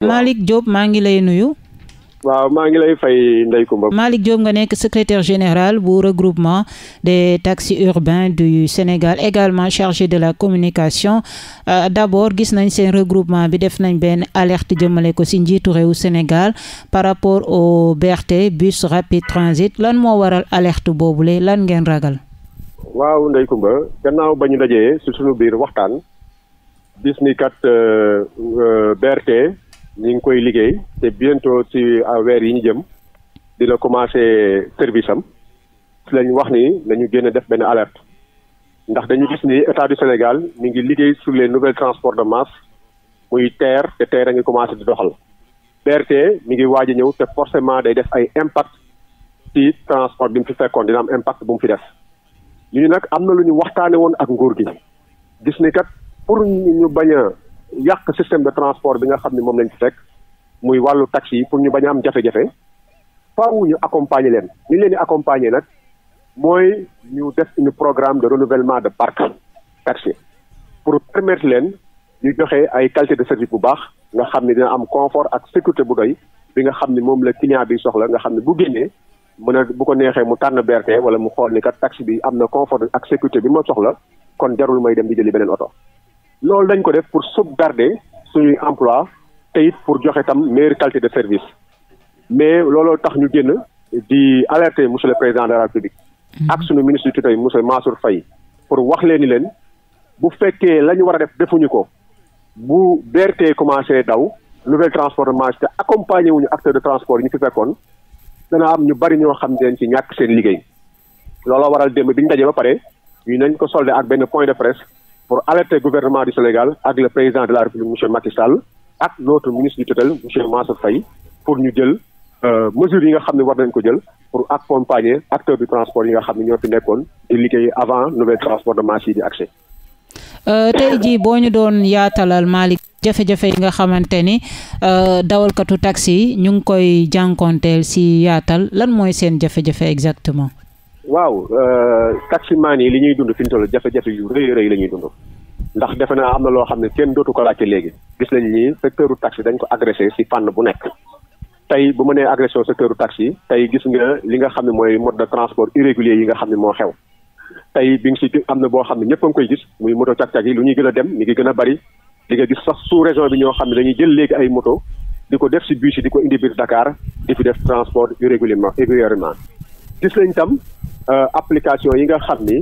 Malick Diop maa ngi lay nuyu. waaw maa ngi lay fay Ndeye Comba. Malick Diop nga nekk secrétaire général bu regroupement de taxis urbains du Sénégal également chargé de la communication euh, d'abord gis nañ seen regroupement bi def nañ benn alerte jëmale ko ci njiitu réew Sénégal par rapport au BRT bus rapide transit lan moo waral alerte boobule lan ngeen ragal. waaw Ndeye Comba gannaaw ba ñu ci suñu biir waxtaan. gis kat euh, euh, BRT. ñu ngi koy liggéey te bientôt ci weer yi ñu jëm dina commencé service am si wax ni nañu génn def benn alerte ndax dañu gis ni état du Sénégal mi ngi liggéey sur les nouvelles transport de masse muy TER te TER a ngi commencé di doxal BRT mi ngi waaj a ñëw te forcément day def ay impact ci transport bi mu fi fekkoon dina am impact bu mu fi def ñu nag am na lu ñu waxtaane woon ak nguur gi gis ni kat pour ñu bañ yàq système de transport bi nga xam ne moom lañ fi fekk muy wàllu taxi yi pour ñu bañ am jafe-jafe faaw ñu accompagner leen ni leen di accompagner nag mooy ñu def une programme de renouvellement de parc taxi pour permettre leen ñu joxe ay qualité de service bu baax nga xam ni dina am confort ak sécurité bu doy bi nga xam ni moom la client bi soxla nga xam ne bu génnee mën a bu ko neexee mu tànn BRT wala mu xool ni kat taxi bi am na confort ak sécurité bi ma soxla kon jarul may dem di jëli beneen oto. loolu dañ ko def pour sauvegarder suñuy emploi te it pour joxe tam meilleure qualité de service mais looloo tax ñu génn di alerter monsieur le président de la République mhm. ak suñu ministre du tutelle monsieur fay pour wax leen ni leen bu fekkee la ñu war a def defuñu ko bu BRT commencer daw nouvelle transport de marché te accompagné wuñu acteur de transport yi ñu fi fekkoon dana am ñu bari ñoo xam ne ci ñàkk seen liggéey looloo waral démb bi ñu dajee ba pare ñu nañ ko soldé ak benn point de presse pour alerter le gouvernement du Sénégal ak le président de la République monsieur Macky Sall ak notre ministre du tutelle monsieur Mansour Faye pour ñu jël euh, mesures yi nga xam ne war nañ ko jël pour accompagner acteurs du transport yi nga xam ne ñoo fi nekkoon di liggéey avant nouvel transport de masse yi di accès. Euh, tey jii boo ñu doon yaatalal Malick jafe-jafe yi nga xamante ni euh, dawalkatu taxi ñu ngi koy jànkonteel si yaatal lan mooy seen jafe-jafe exactement. waaw euh, taximaan yi li ñuy dund fi ñu toll jafe-jafe yu rëy rëy la ñuy dund ndax defe naa am na loo xam ne kenn dootu ko laajte léegi gis nañ ni secteur u dañ ko agressé si fànn bu nekk tey bu ma nee agression secteur u taxi tey gis nga li nga xam ne mooy mode de transport irrégulier yi nga xam ne moo xew tey bi nga si am na boo xam ne ñëpp a koy gis muy moto cag-cag yi lu ñuy gën a dem mi ngi gën a bari li nga gis sax sous région bi ñoo xam ne dañuy jël léegi moto di ko def si bus yi di ko indi biir Dakar di fi def transport irrégulièrement irrégulièrement gis nañ tam Euh, application yi nga xam ni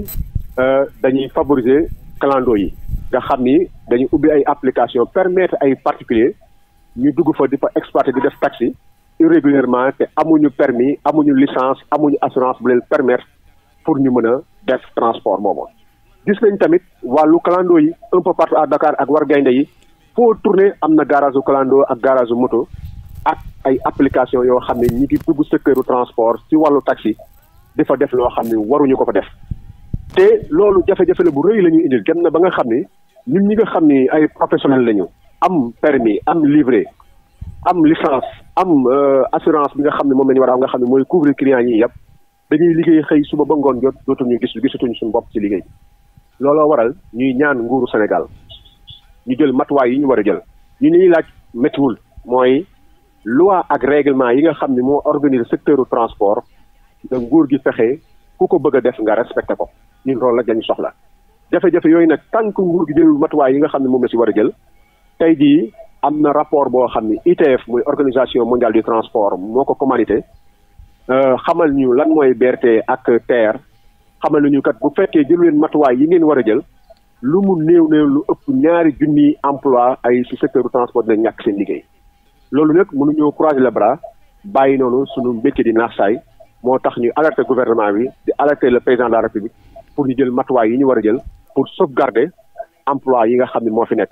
euh, dañuy favoriser clando yi nga xam ni dañuy ubbi ay application permettre ay particulier ñu dugg fa di fa exploiter di def taxi irrégulièrement te amuñu permis amuñu licence amuñu assurance bu leen permettre pour ñu mën a def transport moomu gis nañ tamit wàllu clando yi un peu partout à Dakar ak war gaynde yi foo tourner am na garage u clando ak garage u moto ak ay application yoo xam ne ñi ngi dugg secteur transport ci wàllu taxi di fa def loo xam ni waruñu ko fa def te loolu jafe-jafe la bu rëy la indil dem na ba nga xam ni ñun ñi nga xam ni ay professionnel lañu am permis am livré am licence am euh, assurance bi nga xam ne moom la ñu war a nga xam ne mooy couvrir client yi yëpp dañuy liggéey xëy suba ba ngoon jot dootuñu gis gisatuñu suñu bopp ci liggéey looloo waral ñuy ñaan nguuru Sénégal ñu jël matuwaay yi ñu war a jël ñu ñuy laaj méttiwul mooy loi ak règlement yi nga xam ne moo organiser secteur transport da nguur gi fexe ku ko bëgg a def nga respecté ko ñun loolu lañ soxla jafe-jafe yooyu nag tant que nguur gi jëlul matuwaay yi nga xam ne moom la si war a jël tey jii am na rapport boo xam ne ITF muy organisation mondial du transport moo ko commandité euh, xamal ñu lan mooy berte ak TER xamal ñu kat bu fekkee jëlu leen matuwaay yi ngeen war a jël lu mu néew néew lu ëpp ñaari junniy emploi ay su secteur du transport dina ñàkk seen liggéey loolu nag mënuñoo croiser les bras bàyyi noonu sunu mbécc di naax saay moo tax ñu alerter gouvernement bi di alerter la président de la république pour ñu jël matuwaay yi ñu war a jël pour sauvegarder emploi yi nga xam ne moo fi nekk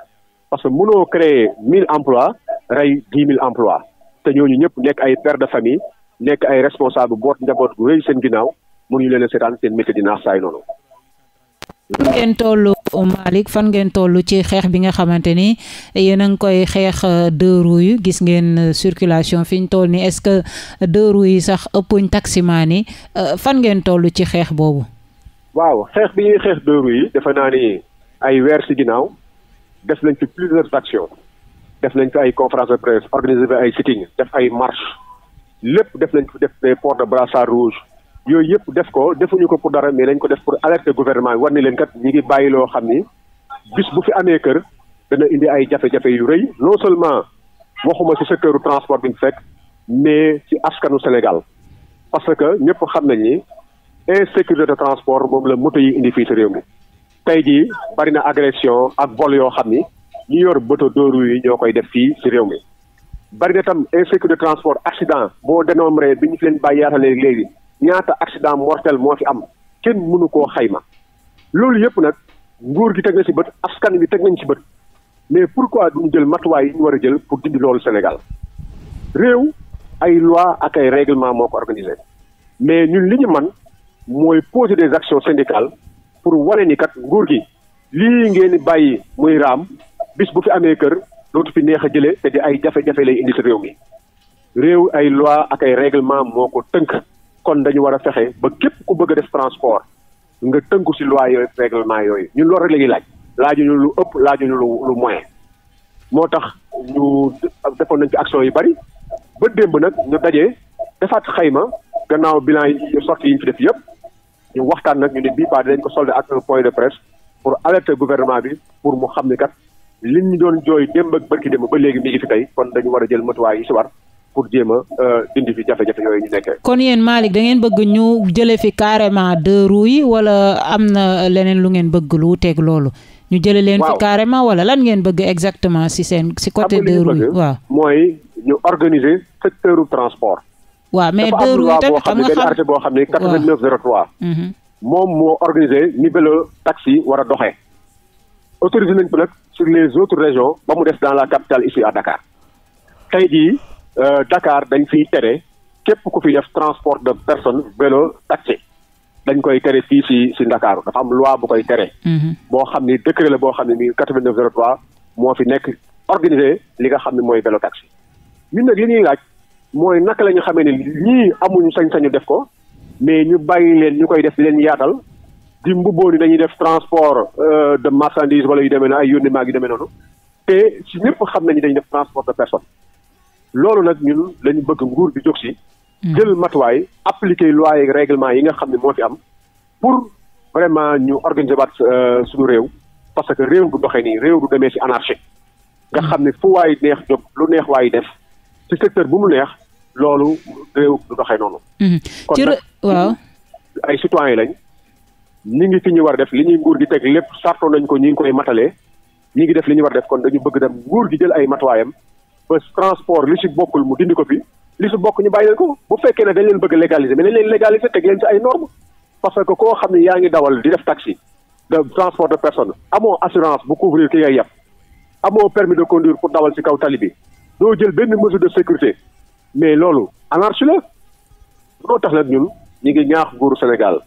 parce que mënoo créer mille emplois rey dix mille emplois te ñooñu ñëpp nekk ay père de famille nekk ay responsable boot njaboot gu rëy seen ginnaaw ñu leen a seetaan seen métier di naax saay noonu. ngeen toll Malick fan ngeen tollu ci xeex bi nga xamante ni yéen a ngi koy xeex euh, deux yi gis ngeen euh, circulation fi ñu toll ni est-ce que euh, deux yi sax ëppuñ taximaan ni fan ngeen tollu ci xeex boobu. waaw xeex bi ñuy xeex deux yi defe naa ni ay weer ci ginnaaw def nañ fi plusieurs actions def nañ fi ay conférence de presse organiser ay sitting def ay marche lépp def nañ fi def des ports de brassard rouge. yooyu yëpp def ko defuñu ko pour dara mais dañ ko def pour alerter gouvernement war ni leen kat ñi ngi bàyyi loo xam ni bis bu fi amee kër dana indi ay jafe-jafe yu rëy non seulement waxuma ci secteur transport bi mu fekk mais ci askanu Sénégal parce que ñëpp xam nañ ni insécurité de transport moom la moto yi indi fii ci réew mi tey jii bari na agression ak vol yoo xam ni ñu yor bëto dóoru yi ñoo koy def fii ci réew mi bari na tam insécurité de transport accident boo dénombré bi ñu fi bàyyi yaatale léegi ñaata accident mortel moo fi am kenn mënu koo xayma loolu yëpp nag nguur gi teg na ci bët askan wi teg nañ ci bët mais pourquoi duñu jël matuwaay yi ñu war a jël pour dindi loolu Sénégal réew ay loi ak ay réglement moo ko organisé mais ñun li ñu man mooy poser des actions syndicales pour wane ni kat nguur gi lii ngeen bàyyi muy raam bis bu fi amee kër dootu fi neex a jëlee te di ay jafe-jafe lay indi si réew mi réew ay loi ak ay règlement moo ko tënk kon dañu war a fexe ba képp ku bëgg def transport nga tënku ci loi yooyu règlement yooyu ñun loolu rek la laaj laajuñu lu ëpp laajuñu lu lu moyen moo tax ñu defoon nañ ci action yi bari ba démb nag ñu dajee defaat xayma gannaaw bilan yi sorti yi ñu fi def yëpp ñu waxtaan nag ñu ne bii paa dinañ ko soldé ak un point de presse pour alerter gouvernement bi pour mu xam ni kat li ñu doon jooy démb ak barki démb ba léegi mi ngi fi tey kon dañu war a jël matuwaay yi ci war pour jéem a euh, dindi fi jafe-jafe yooyu ñu kon yéen Malick da bëgg ñu jëlee fi carrément deux yi wala am na leneen lu ngeen bëgg lu wuteeg loolu. ñu jëlee leen fi carrément wala lan ngeen bëgg exactement si seen. si côté deux roues yi waaw mooy ñu organiser secteur transport. waaw mais deux roues boo xam ne benn mhm. moom moo organisé ni taxi war a doxee. autorisé nañ ko nag sur les autres régions ba mu des dans la capitale ici à Dakar tey jii. Euh, Dakar dañ fi tere képp ku fi def transport de personne vélo taxi dañ koy tere fii si si Dakar dafa am loi bu koy tere. Mhm. boo xam ni décret la boo xam ne nii 8903 moo fi nekk organisé li nga xam ne mooy vélo taxi. ñun nag li ñuy laaj mooy naka la ñu xamee ne ñii amuñu sañ-sañu def ko mais ñu bàyyi leen ñu koy def di leen yaatal di mbubboo ni dañuy def transport euh, de marchandise wala yu demee na ay yónni maag yu demee noonu te si ñëpp xam nañu dañuy def transport de personne. loolu nag ñun lañu bëgg nguur bi jóg si. Hmm. jël matuwaay appliquer loi yi yi nga xam ne moo fi am pour vraiment ñu organiser waat euh, suñu réew parce que réew du doxee nii réew du demee si anarchie nga hmm. xam ne fu waay neex jóg lu neex waay def ci secteur bu mu neex loolu réew du doxee noonu. Hmm. kon nag waaw ay citoyen lañ ñi ngi fi ñu war a def li ñuy nguur gi teg lépp sartoo nañ ko ñi ngi koy matalee ñi ngi def li ñu war a def kon dañu bëgg dem nguur gi jël ay matuwaayam. ba transport li ci bokkul mu dindi ko bi li ci bokk ñu bàyyi leen ko bu fekkee ne dañ leen bëgg légaliser mais dañ leen légaliser teg leen ci ay normes parce que koo xam ne yaa ngi dawal di def taxi de transport de personne amoo assurance bu couvrir ki ngay yàpp amoo permis de conduire pour dawal ci kaw tali bi doo jël benn mesure de sécurité mais loolu anarchie la loo tax nag ñun ñu ngi ñaax nguuru Sénégal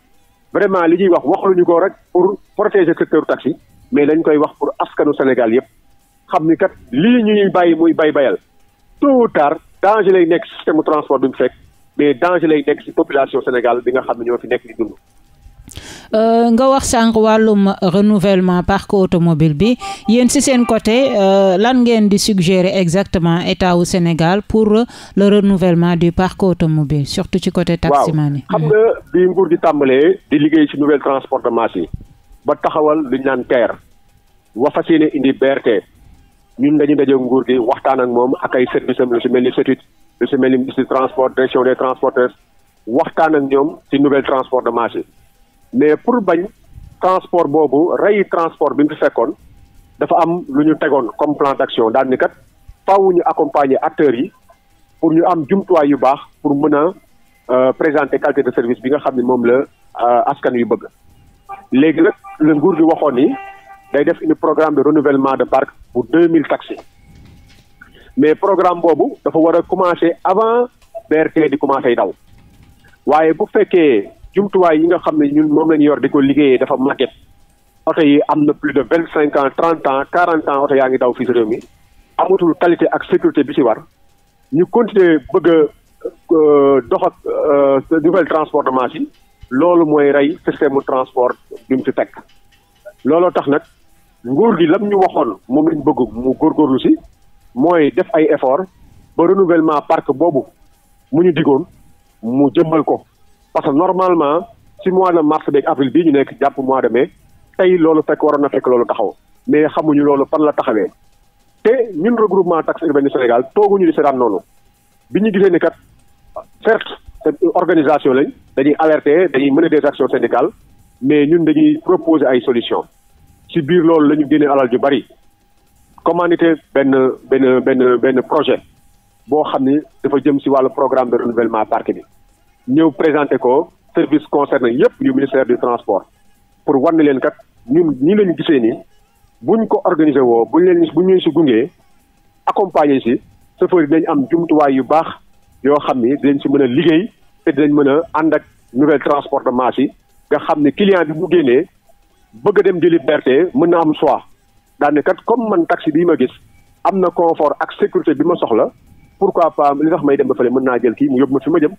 vraiment li ñuy wax waxluñu ko rek pour protéger secteur taxi mais dañ koy wax pour askanu Sénégal yëpp xam ni kat lii ñuy bàyyi muy bay bayal tôt ou tard danger lay nekk système transport bi mu fekk mais danger lay nekk ci population Sénégal bi nga xam ne ñoo fi nekk di dund. Euh, nga wax sànq wàllum renouvellement parc automobile bi yéen ci seen côté euh, lan ngeen di suggérer exactement état wu Sénégal pour le renouvellement du parc automobile surtout ci côté taximan yi waaw xam nga bi nguur gi tàmbalee di liggéey ci nouvelle transport de masse yi ba taxawal lu ñu ñun dañu daje nguur gi waxtaan ak moom ak ay service am lu si mel ni CETUD lu si mel ni si transport direction des transporteurs waxtaan ak ñoom si nouvelle transport de marché mais pour bañ transport boobu rey transport bi mu fi fekkoon dafa am lu ñu tegoon comme plan d'action daal ni kat faaw ñu accompagner acteurs yi pour ñu am jumtuwaay yu baax pour mën a euh, présenter qualité de service bi nga xam ne moom la euh, askan yu bëgg léegi nag la nguur gi waxoon ni day def une programme de renouvellement de parc pour deux mille taxi mais programme boobu dafa war a commencer avant BRT di commencer daw waaye bu fekkee jumtuwaay yi nga xam ne ñun moom la ñu yor di ko liggéeyee dafa màgget oto yi am na plus de vingt cinq ans trente ans quarante ans oto yaa ngi daw fii si amatul qualité ak sécurité bi ci war ñu continuer bëgg a euh, dox ak euh, nouvelle transport de masse loolu mooy rey système transport bi mu fi fekk tax nag nguur gi lam ñu waxoon moom lañ bëgg mu góorgóorlu si mooy def ay effort ba renouvellement parc boobu mu ñu digoon mu jëmmal ko parce que normalement si mois de mars beeg avril bii ñu nekk jàpp mois de mai tey loolu fekk waroon a fekk loolu taxaw mais xamuñu loolu fan la taxawee te ñun regroupement taxe urbaine du Sénégal tooguñu di seetaan noonu bi ñu gisee ni kat certes organisation lañ dañuy alerter dañuy mener des actions syndicales mais ñun dañuy proposer ay ci biir loolu la ñu génnee alal yu bari commandité benn benn benn benn projet boo xam ni dafa jëm ci wàllu programme de renouvellement parc bi ñëw présenté ko service concerné yépp yu ministère du transport pour wan ne leen kat ñu ñi lañu gisee ni buñ ko organiser woo buñ leen buñ leen ci gungee accompagner ci chauffeur yi dañ am jumtuwaay yu baax yoo xam ni dinañ ci mën a liggéey te dinañ mën a ànd ak nouvelle transport de masse yi nga xam ni client bi bu génnee bëgg dem jëli liberté mën na am choix daanaka comme man taxi bii ma gis am na confort ak sécurité bi ma soxla pourquoi pas li tax may dem ba fële mën naa jël kii mu yóbbu ma fi ma jëm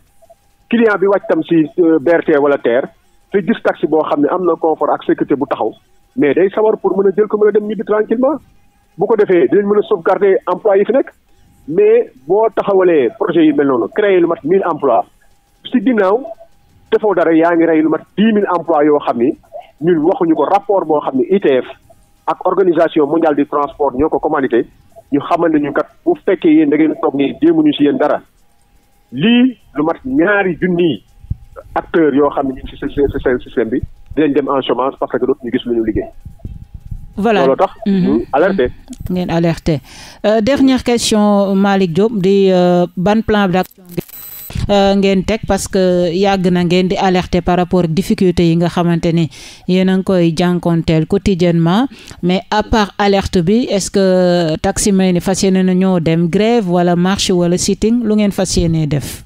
client bi wàcc tam si euh, BRT wala TER fi gis taxi boo xam ne am na confort ak sécurité bu taxaw mais day sawar pour mën a jël ko mën a dem ñibbi tranquillement bu ko defee dinañ mën a sauvegarder emploi yi fi nekk mais boo taxawalee projet yi mel noonu créé lu mat mille emplois si ginnaaw defoo dara yaa ngi rey lu mat dix mille emplois yoo xam ni ñun waxuñu ko rapport boo xam ne ITF ak organisation mondiale du transport ñoo ko commandité ñu xamal ne ñu kat bu fekkee yéen da ngeen toog nii jéemuñu si yéen dara lii lu mat ñaari junni acteurs yoo xam ne ñu ngi si système bi dinañ dem en chômage parce que dootuñu gis lu ñu liggéey. voilà loolu tax. Mhm. alerté. ngeen alerté euh, dernière question Malick Diop di euh, ban plan d'action. Euh, ngeen teg parce que yàgg na ngeen di alerter par rapport ak difficulté yi nga xamante ni yéen a ngi koy jànkonteel quotidiennement mais à part alerte bi est-ce que taximan yi fas yéene na ñoo dem grève wala marche wala sitting lu ngeen fas yéenee def.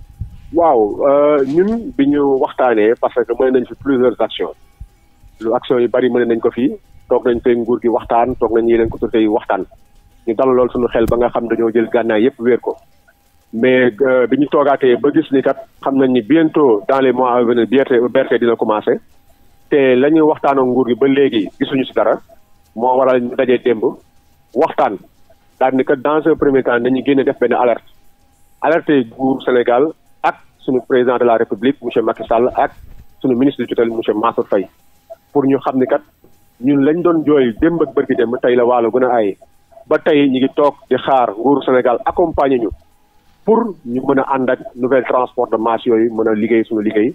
waaw euh, ñun bi ñu waxtaanee parce que mën nañ fi plusieurs actions lu actions yu bari mën nañ ko fi toog nañ tey nguur gi waxtaan toog nañ yeneen autorités yi waxtaan ñu dal lool suñu xel ba nga xam dañoo jël gànnaay yépp wéer ko. mais euh, bi ñu toogaatee ba gis ni kat xam nañ ni bientôt dans les mois à venir BRT dina commencé te la ñuy waxtaan nguur gi ba léegi gisuñu si dara moo waral ñu dajee démb waxtaan daal ni kat dans un temps nañu génne def benn alerte alerte nguur Sénégal ak sunu président de la République monsieur Macky Sall ak suñu ministre du tutelle monsieur Mansour Faye pour ñu xam ni kat ñun lañ doon jooy démb ak bërki démb tey la waalo gën a aaye ba tey ñu ngi toog di xaar nguuru Sénégal accompagner ñu pour ñu mën a ànd ak nouvelle transport de masse yooyu mën a liggéey suñu liggéey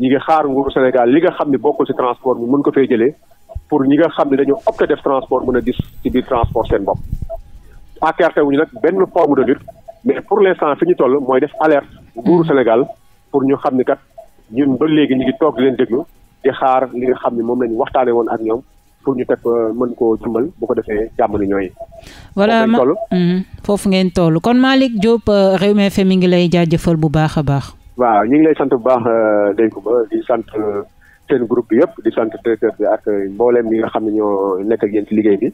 ñi ngi xaar nguuru Sénégal li nga xam ne bokkul ci transport mu mën ko fee jëlee pour ñi nga xam ne dañoo opté def transport mën a gis ci biir transport seen bopp. écarté wuñu nag benn forme de lutte mais pour l'instant fi ñu toll mooy def alerte nguuru Sénégal pour ñu xam ni kat ñun ba léegi ñu ngi toog leen déglu di xaar li nga xam ne moom la ñu waxtaanee woon ak ñoom. pour ñu teg euh, mën koo jëmbal bu ko defee jàmm ni ñooy. voilà foofu mhm. ngeen toll kon Malick Diop euh, Rewmi FM mi ngi lay jaajëfal bu baax a baax. waaw ñu ngi lay sant bu baax Ndeye euh, Comba di sant seen groupe bi yëpp di sant directeur bi ak mbooleem bi nga xam ne ñoo nekk ak ci liggéey bi.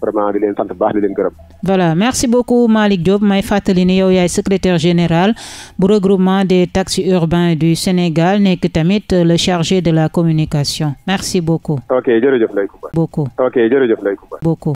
vraiment di leen sant bu baax di leen gërëm. voilà merci beaucoup Malick Diop may fàttali ni yow yaay secrétaire général bu regroupement des taxis urbains du Sénégal nekk tamit le chargé de la communication merci beaucoup. ok jërëjëf Ndeye Comba. beaucoup ok jërëjëf Ndeye Comba. beaucoup.